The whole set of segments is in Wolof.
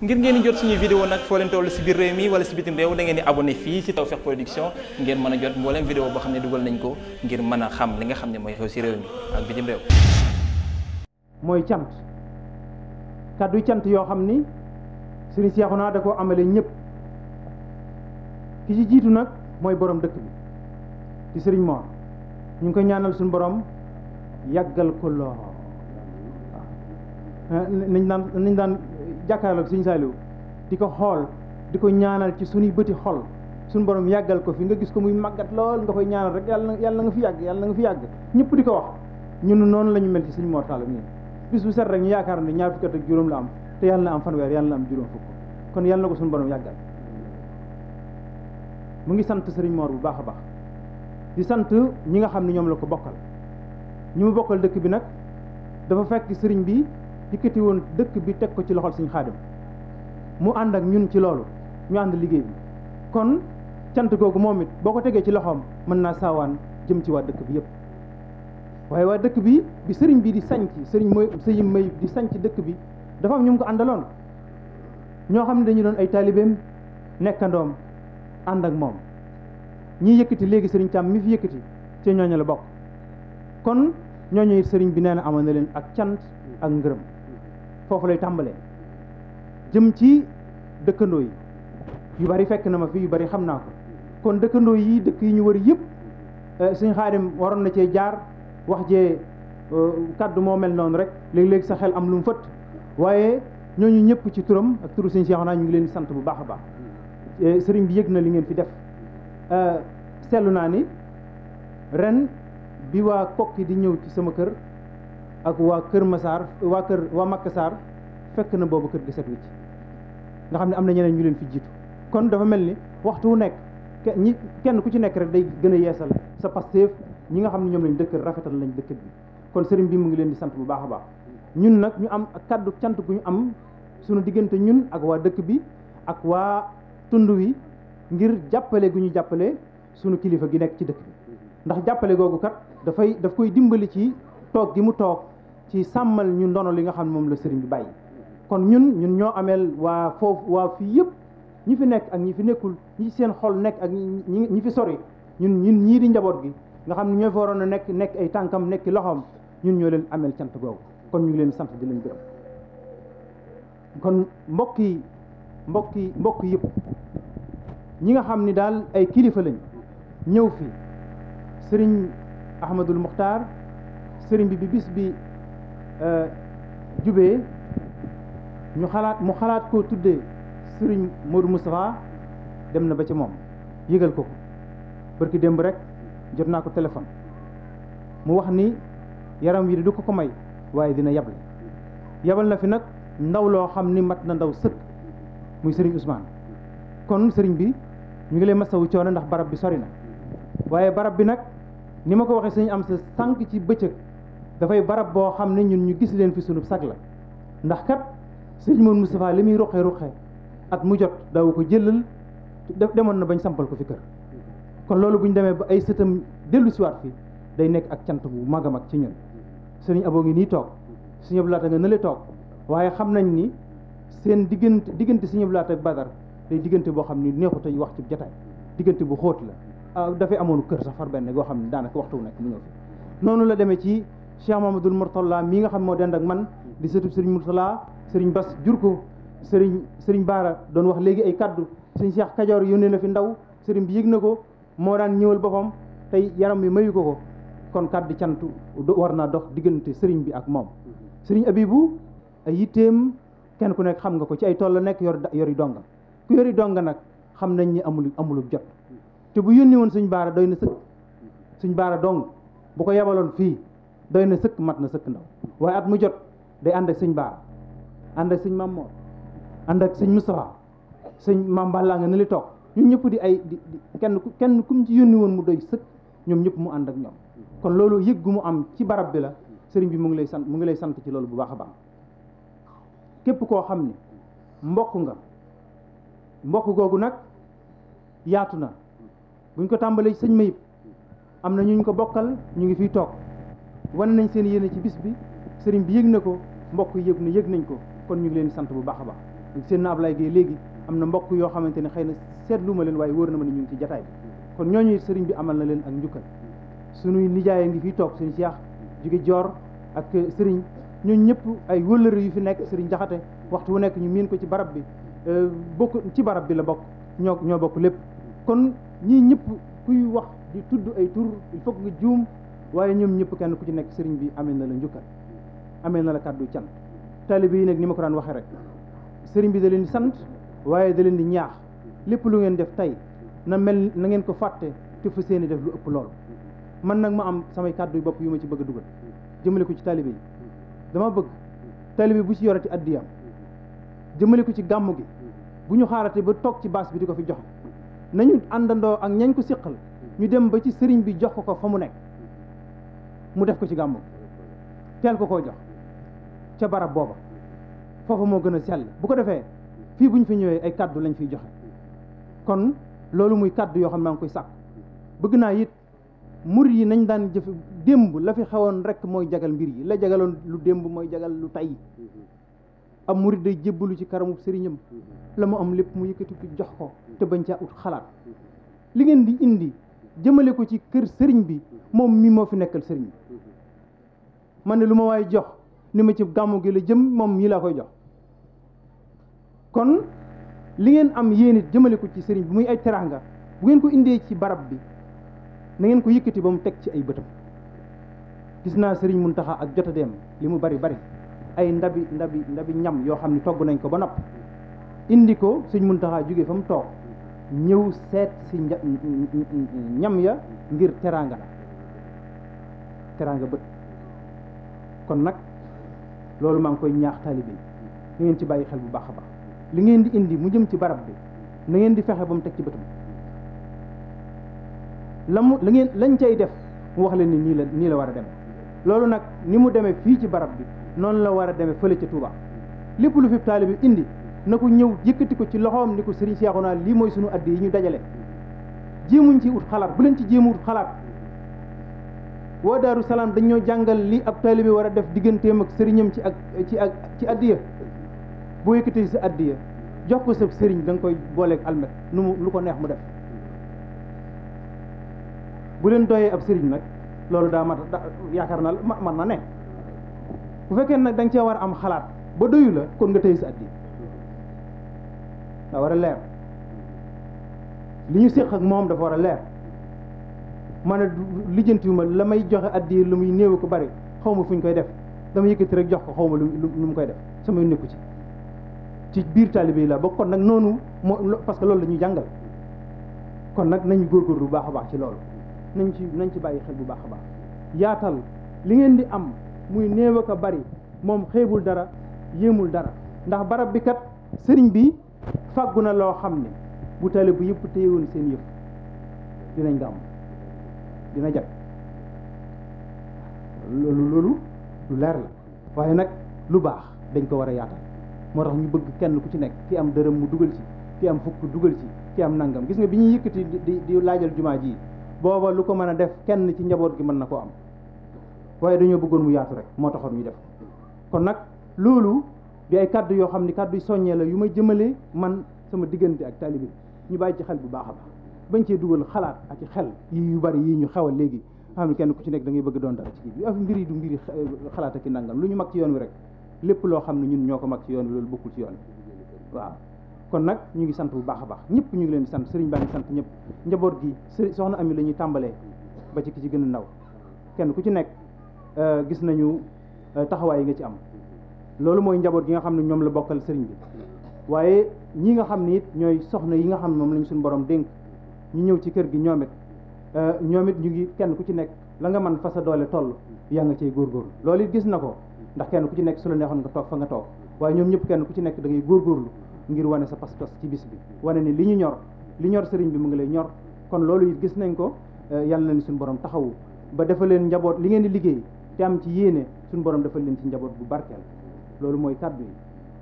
ngir ngeen di jot suñuy vidéo nag foo leen toll si biir réew mi wala si bitim réew da ngeen di abonné fii si Tawfekh Production ngeen mën a jot mbooleem vidéo boo xam ne dugal nañ ko ngir mën a xam li nga xam ne mooy xew si réew mi ak bitim réew mooy cant kàddu cant yoo xam ni Sëriñ Seexuna da koo amale ñëpp ki ci jiitu nag mooy boroom dëkk bi di sëriñ Mor ñu ngi koy ñaanal suñu borom yàggal ko loo eh, nañ daan nañ daan jàkkaarloog sëñ Saliou di ko xool di ko ñaanal ci suñuy bëti xol sunu borom yàggal ko fi nga gis ko muy màggat lool nga koy ñaanal rek yàlla na yàlla na nga fi yàgg yàlla na nga fi yàgg ñëpp di ko wax ñun noonu la ñu mel ci suñu Mor Talla mii bis bu set rek ñu yaakaar ne ñaar fukki at ak juróom la am te yàlla na am fanweer yàlla na am juróom fukk kon yàlla na ko suñu borom yàggal mu ngi sant sëriñ Mor bu baax a baax di sant ñi nga xam ne ñoom la ko bokkal ñi bokkal dëkk bi nag bi yëkkati woon dëkk bi teg ko ci loxol suñu xaadim mu ànd ak ñun ci loolu ñu ànd liggéey bi kon cant googu moom it boo ko tegee ci loxoom mën naa saawaan jëm ci waa dëkk bi yëpp waaye waa dëkk bi bi sëriñ bi di sañc sëriñ mooy sëyim may di sanc dëkk bi dafa am ñu mu ko àndaloon ñoo xam ne dañu doon ay taalibeem nekkandoom ànd ak moom ñii yëkkati léegi sëriñ Thiam mi fi yëkkati ci ñooñu la bokk kon ñooñu it sëriñ bi nee na amoon na leen ak cant ak ngërëm foofu lay tàmbalee jëm ci dëkkandoo yi yu bari fekk na ma fi yu bari xam naa ko kon dëkkandoo yi dëkk yi ñu wër yëpp eh, suñ xaadim waroon na cee jaar wax jee eh, kàddu moo mel noonu rek léeg-léeg sa xel am lum mu fët waaye ñooñu ñëpp ci turam ak turu suñ naa ñu ngi leen sant bu baax a baax eh, sëriñ bi yëg na li ngeen fi def seetlu naa ni ren bi waa kokki di ñëw ci sama kër ak waa Kër Massar waa Kër waa Makka Sarr fekk na boobu kër gi set wicc nga xam ne am na ñeneen ñu leen fi jiitu kon dafa mel ni waxtu wu nekk kenn ku ci nekk rek day gën a yeesal sa pasteef ñi nga xam ne ñoom lañ dëkk rafetal lañ dëkk bi kon sëriñ bii mu ngi leen di sant bu baax a baax ñun nag ñu am kàddu cant gu ñu am suñu diggante ñun ak waa dëkk bi ak waa tund wi ngir jàppale gu ñu jàppale sunu kilifa gi nekk ci dëkk bi ndax jàppale googu kat dafay daf koy dimbali ci toog gi mu toog ci sàmmal ñu ndono li nga xam ne moom la sëriñ bi bàyyi kon ñun ñun ñoo ameel waa foofu waa fii yëpp ñi fi nekk ak ñi fi nekkul ñi seen xol nekk ak ñi ñi fi sori ñun ñun ñii di njaboot gi nga xam ne ñoo fi waroon a nekk nekk ay tànkam nekk loxoom ñun ñoo leen ameel cant googu kon ñu leen sant di leen gërëm kon mbokk yi mbokk yi mbokk yëpp ñi nga xam ni daal ay kilifa lañ ñëw fi sëriñ Ahmadul Muxtaar sëriñ bi bi bis bi Euh, jube ñu xalaat mu xalaat koo tuddee Serigne Modou Moustapha dem na ba ci moom yégal ko ko barki démb rek jot naa ko téléphone mu wax ni yaram wi du ko ko may waaye dina yable yabal na fi nag ndaw loo xam ni mat na ndaw sëkk muy Serigne Ousmane kon sëriñ bi ñu ngi lay masawu coono ndax barab bi sori na waaye barab bi nag ni ma ko waxee suñu am sa sànq ci bëcëg dafay barab boo xam ne ñun ñu gis leen fi sunu sag la ndax kat sëñ Moon Moustapha li muy ruqe ruqe at mu jot daw ko jëlal def demoon na bañ sampal ko fi kër kon loolu bu ñu demee ba ay sëtam dellu siwaat fii day nekk ak cant bu mag a mag ci ñun sëriñ aboo ngi nii toog sëriñ Abdou nga nële toog waaye xam nañ ni seen diggante diggante sëriñ Abdou Lahat ak Badar day diggante boo xam ni neexut a wax ci jotaay diggante bu xóot la ah, dafay amoon kër sax far benn goo xam ne daanaka waxtu nekk mu ñëw fi noonu ci Cheikh Mamadou Mourtala mii nga xam moo dend ak man di sëtub sëriñ Mourtala sëriñ Bas jur ko sëriñ sëriñ Baara doon wax léegi ay kàddu sëriñ Cheikh Kajoor yónnee na fi ndaw sëriñ bi yéeg na ko moo daan ñëwal boppam tey yaram bi mayu ko ko kon kaddu cant war naa dox diggante sëriñ bi ak moom. sëriñ Abibu ay yitteem kenn ku nekk xam nga ko ci ay tool la nekk yor yori donga ku yori donga nag xam nañ ni amul amulu jot te bu yónni woon suñ Baara doy na sëkk suñ Baara dong bu ko yebaloon fii. doy na sëkk mat na sëkk ndaw waaye at mu jot day ànd ak sëñ baara ànd ak sëñ Mamoor ànd ak sëñ Moustapha sëñ Mame Balla nga ne li toog ñun ñëpp di ay di kenn kenn ku mu ci yónni woon mu doy sëkk ñoom ñëpp mu ànd ak ñoom kon loolu yëg gu mu am ci barab bi la sëriñ bi mu ngi lay sant mu ngi lay sant ci loolu bu baax a baax képp koo xam ni mbokk nga mbokk googu nag yaatu na buñ ko tàmbalee sëñ Mayib am na ñu ñu ko bokkal ñu ngi fiy toog wane nañ seen yéene ci bis bi sëriñ bi yéeg na ko mbokk yëg na yëg nañ ko kon ñu ngi leen sant bu baax a baax seen na Ablaye Gueye léegi am na mbokk yoo xamante ne xëy na seetlu ma leen waaye wóor na ma ne ñu ngi ci jataay bi kon ñooñu sëriñ bi amal na leen ak njukkal suñuy nijaay ngi fi toog suñu Cheikh jóge Joor ak sëriñ ñooñu ñëpp ay wëllëre yu fi nekk sëriñ Jaxate waxtu wu nekk ñu miin ko ci barab bi euh, bokk ci barab bi la bokk ñoo ñoo bokk lépp kon ñii ñëpp kuy wax di tudd ay tur il nga juum waaye ñoom ñëpp kenn ku ci nekk sëriñ bi amee na la njukkal amee na la kàddu cant taalibe yi nag ni ma ko daan waxee rek sëriñ bi da leen di sant waaye da leen di ñaax lépp lu ngeen def tey na mel na ngeen ko fàtte te fu seeni def lu ëpp lool man nag ma am samay kàddu yu bopp yu ma ci bëgg a dugal jëmale ko ci taalibe yi dama bëgg taalibe bu ci yore yorati addiyam jëmale ko ci gàmm gi bu ñu xaarate ba toog ci baas bi di ko fi jox nañu àndandoo ak ñañ ko siqal ñu dem ba ci sëriñ bi jox ko ko fa mu nekk mu def ko ci gàmmu teel ko koo jox ca barab booba foofu moo gën a sell bu ko defee fii bu ñu fi ñëwee ay kàddu lañ fiy joxe kon loolu muy kàddu yoo xam ne maa koy sàkk bëgg naa it mur yi nañ daan jëf démb la fi xewoon rek mooy jagal mbir yi la jagaloon lu démb mooy jagal lu tay am murid day jébbalu ci karamu sëriñam la mu am lépp mu yëkkati jox ko te bañ caa ut xalaat li ngeen di indi jëmale ko ci kër sëriñ bi moom mii moo fi nekkal sëriñ bi man ne lu ma waay jox ni ma ci gàmmu gi la jëm moom ñi laa koy jox kon li ngeen am yéen jëmale ko ci sëriñ bi muy ay teraanga bu ngeen ko indee ci barab bi na ngeen ko yëkkati ba mu teg ci ay bëtam gis naa sëriñ Muntaxa ak jota dem li mu bari bari ay ndabi ndabi ndabi ñam yoo xam ni togg nañ ko ba nopp indi ko sëriñ Muntaxa jóge fa mu toog ñëw seet si ñam ya ngir teraanga la teraanga bët kon nag loolu maa ngi koy ñaax taalibe yi na ngeen ci bàyyi xel bu baax a baax li ngeen di indi mu jëm ci barab bi na ngeen di fexe ba mu teg ci bët bëtam la mu la ngeen lañ cay def mu wax leen ni nii la nii la war a deme loolu nag ni mu demee fii ci barab bi noonu la war a demee fële ca Touba lépp lu fi taalibe indi na ko ñëw yëkkati ko ci loxoom ni ko Serigne Cheikhouna lii mooy sunu addi yi ñu dajale jéemuñ ci ut xalaat bu leen ci jéemu ut xalaat waa Daaru Salaam dañ ñoo jàngal lii ab taalibe war a def digganteem ak sëriñam ci ak ci ak ci addiya boo yëkkatee sa addiya jox ko sëriñ danga koy booleeg almet nu mu lu ko neex mu def bu leen doyee ab sëriñ nag loolu daa mat yaakaar naa man na ne bu fekkee nag da cee war a am xalaat ba doyu la kon nga tëye sa addiya daa war a leer li ñu séq ak moom dafa war a leer man a lijjantiwuma la may joxe addi lu muy néew ko bari xaw ma fu ñu koy def dama yëkkati rek jox ko xaw ma lu mu koy def samay nekku ci ci biir taalibe yi la ba kon nag noonu moo parce que loolu la ñuy jàngal kon nag nañu góorgóorlu bu baax a baax ci loolu nañ ci nañ ci bàyyi xel bu baax a baax yaatal li ngeen di am muy néew ak a bari moom xeebul dara yéemul dara ndax barab bi kat sëriñ bi fàggu na loo xam ne bu tale bu yëpp téyewoon seen yëf dinañ nga am dina jag loolu loolu lu leer la waaye nag lu baax dañ ko war a yaatal moo tax ñu bëgg kenn ku ci nekk ki am dërëm mu dugal ci ki am fukk dugal ci ki am nangam gis nga bi ñuy yëkkati di di laajal jumaa ji booba lu ko mën a def kenn ci njaboot gi mën na koo am waaye dañoo bëggoon mu yaatu rek moo taxoon ñu def kon nag loolu di ay kàddu yoo xam ni kàddu soññee la yu may jëmale man sama diggante ak taalibe ñu bàyyi ci xel bu baax a baax bañ cee dugal xalaat ak xel yi yu bari yi ñu xewal léegi am kenn ku ci nekk da ngay bëgg doon dara ci kii bi af mbir yi du mbiri xalaat ak i nangam lu ñu mag ci yoon wi rek lépp loo xam ne ñun ñoo ko mag ci yoon loolu bokkul ci yoon waaw kon nag ñu ngi sant bu baax a baax ñëpp ñu ngi leen sant sëriñ baa ngi ñëpp njaboot gi sëriñ soxna ami la ñuy tàmbalee ba ci ki ci gën ndaw kenn ku ci nekk euh, gis nañu euh, taxawaay yi nga ci am loolu mooy njaboot gi nga xam ne ñoom la bokkal sëriñ bi waaye ñi nga xam ne it ñooy soxna yi nga xam ne moom lañu suñu borom dénk ñu ñëw ci kër gi ñoom it euh, ñoom it ñu ngi kenn ku ci nekk la nga mën fa sa doole toll yaa nga cey góorgóorlu loolu gis na ko ndax kenn ku ci nekk su la neexoon nga toog fa nga toog waaye ñoom ñëpp kenn ku ci nekk da ngay góorgóorlu ngir wane sa pas-pas ci bis bi wane ni li ñu ñor li ñor sëriñ bi mu ngi lay ñor kon loolu it gis nañ ko euh, yàlla nañ suñu borom taxawu ba dafa leen njaboot li ngeen di liggéey te ci yéene suñu borom dafa leen ci njaboot bu barkeel loolu mooy kàddu yi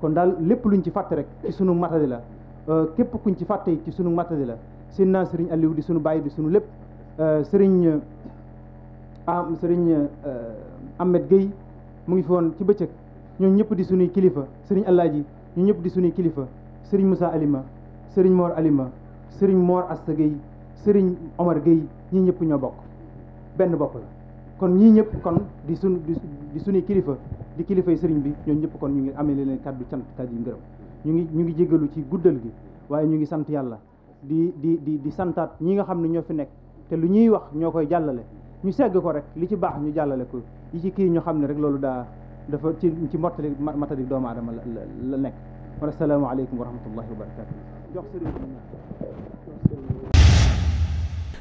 kon daal lépp luñ ci fàtte rek ci sunu matadi la euh, képp kuñ ci fàtte ci sunu matadi la sin naa sëriñ Aliou di sunu bàyyi di sunu lépp euh, sëriñ sëriñ euh, Ahmed Gueye mu ngi fi woon ci bëccëg ñoo ñëpp di sunuy kilifa sëriñ Alaaji ñu ñëpp di sunuy kilifa sëriñ Moussa Alima sëriñ Mor Alima sëriñ moor Asta Gueye sëriñ Omar Gueye ñii ñëpp ñoo bokk benn bopp la kon ñii ñëpp kon di sunu di sunuy kilifa di kilifay sëriñ bi ñoo ñëpp kon ñu ngi amee leen kàddu cant kàddu yu ngërëm ñu ngi ñu ngi jégalu ci guddal gi waaye ñu ngi sant yàlla di di di di santaat ñi nga xam ne ñoo fi nekk te lu ñuy wax ñoo koy jàllale ñu segg ko rek li ci baax ñu jàllale ko yi ci kii ñu xam ne rek loolu daa dafa ci ci mottali matadi doomu aadama la la nekk wa assalaamu aleykum wa rahmatullahi wa barakatu